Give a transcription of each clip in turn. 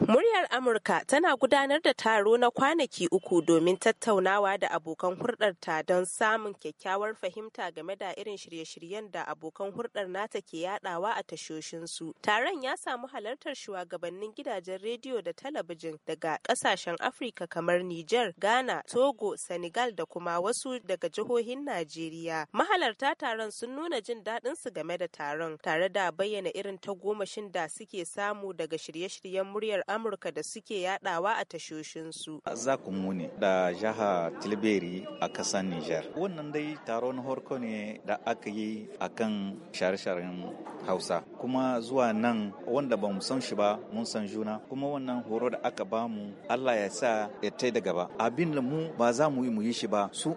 Muryar Amurka tana gudanar da taro na kwanaki uku domin tattaunawa da abokan hurɗarta don samun kyakkyawar fahimta game da irin shirye-shiryen da abokan hurɗar nata ke yadawa a tashoshinsu. Taron ya samu halartar shugabannin gidajen rediyo da talabijin daga ƙasashen Afirka kamar Nijar, Ghana, Togo, Senegal da kuma wasu daga jihohin Najeriya. Mahalarta taron sun nuna jin daɗin su game da taron tare da bayyana irin tagomashin da suke samu daga shirye-shiryen muryar Amurka da suke yadawa a tashoshinsu. Za ku muni da jiha Tilberi a ƙasar Nijar. Wannan dai taron horko ne da aka yi akan share-sharen hausa kuma zuwa nan wanda ba mu san shi ba mun san juna kuma wannan horo da aka ba mu allah ya sa ya tai da gaba abin da mu ba za mu yi mu yi shi ba su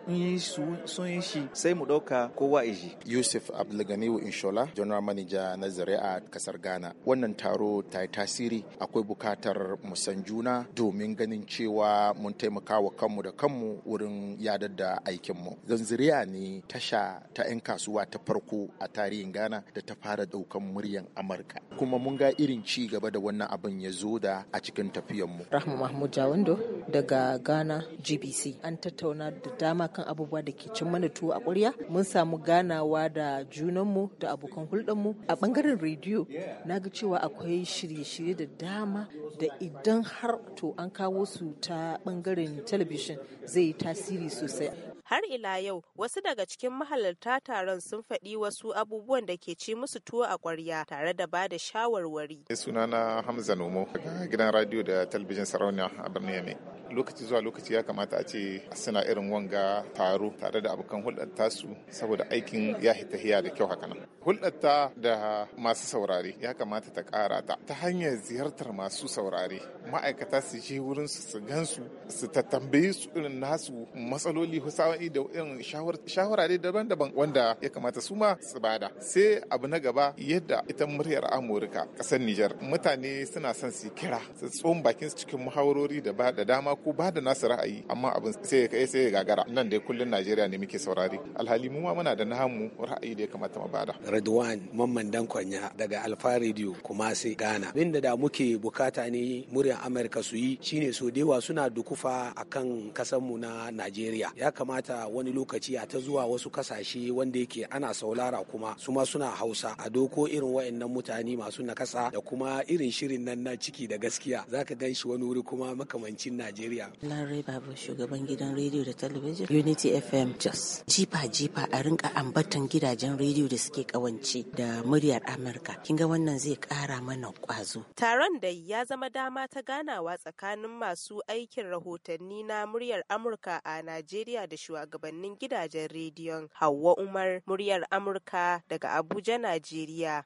sun yi shi sai mu ɗauka kowa iji yusuf abdulganiwu inshola general manager na zari'a kasar ghana wannan taro ta yi tasiri akwai bukatar mu san juna domin ganin cewa mun taimaka wa kanmu da kanmu wurin yadar da aikinmu zanzuriya ne tasha ta 'yan kasuwa ta farko a tarihin ghana da ta fara Daukan muryan Amurka. Kuma mun ga irin ci gaba da wannan abin ya zo da a cikin mu. Rahma Mahmud Jawando daga Ghana GBC. An tattauna da dama kan abubuwa da ke cin mana tuwo a ƙwarya. Mun samu ganawa da junanmu da abokan hulɗarmu. A ɓangaren rediyo na ga cewa akwai shirye-shirye da dama da idan har to an kawo su ta ɓangaren talabijin zai yi tasiri sosai. har ila yau wasu daga cikin mahalarta taron sun faɗi wasu abubuwan da ke ci musu tuwo a ƙwarya tare da ba da shawarwari sunana hamza nomo daga gidan radio da talabijin sarauniya a birnin yame lokaci zuwa lokaci ya kamata a ce suna irin wanga taro tare da abokan hulɗarta su saboda aikin ya hiya da kyau haka nan da masu saurare ya kamata ta ƙara ta ta hanyar ziyartar masu saurare ma'aikata su je wurin su su gansu su ta tambaye su irin nasu matsaloli husawa'i da irin shawarare daban-daban wanda ya kamata su ma su bada sai abu na gaba yadda ita muryar amurka ƙasar nijar mutane suna son su kira su tsohon bakin cikin muhawarori da ba da dama ku ba da nasu ra'ayi amma abin sai ya kai sai ya gagara nan dai kullun Najeriya ne muke saurari alhali mu ma muna da nahamu ra'ayi da ya kamata mu bada Radwan Mamman Dankwanya daga Alfa Radio kuma sai Ghana abinda da muke bukata ne muryar Amurka su yi shine so dewa suna dukufa akan mu na Najeriya ya kamata wani lokaci a ta zuwa wasu kasashe wanda yake ana saulara kuma su ma suna Hausa a doko irin wayannan mutane masu nakasa da kuma irin shirin nan na ciki da gaskiya zaka gan shi wani wuri kuma makamancin Najeriya Najeriya. Larai Babu shugaban gidan rediyo da talabijin Unity FM Jos. Jifa jifa a rinka ambatan gidajen rediyo da suke kawance da muryar Amurka. kinga wannan zai kara mana ƙwazo. Taron da ya zama dama ta ganawa tsakanin masu aikin rahotanni na muryar Amurka a Najeriya da shugabannin gidajen rediyon Hauwa Umar muryar Amurka daga Abuja Najeriya.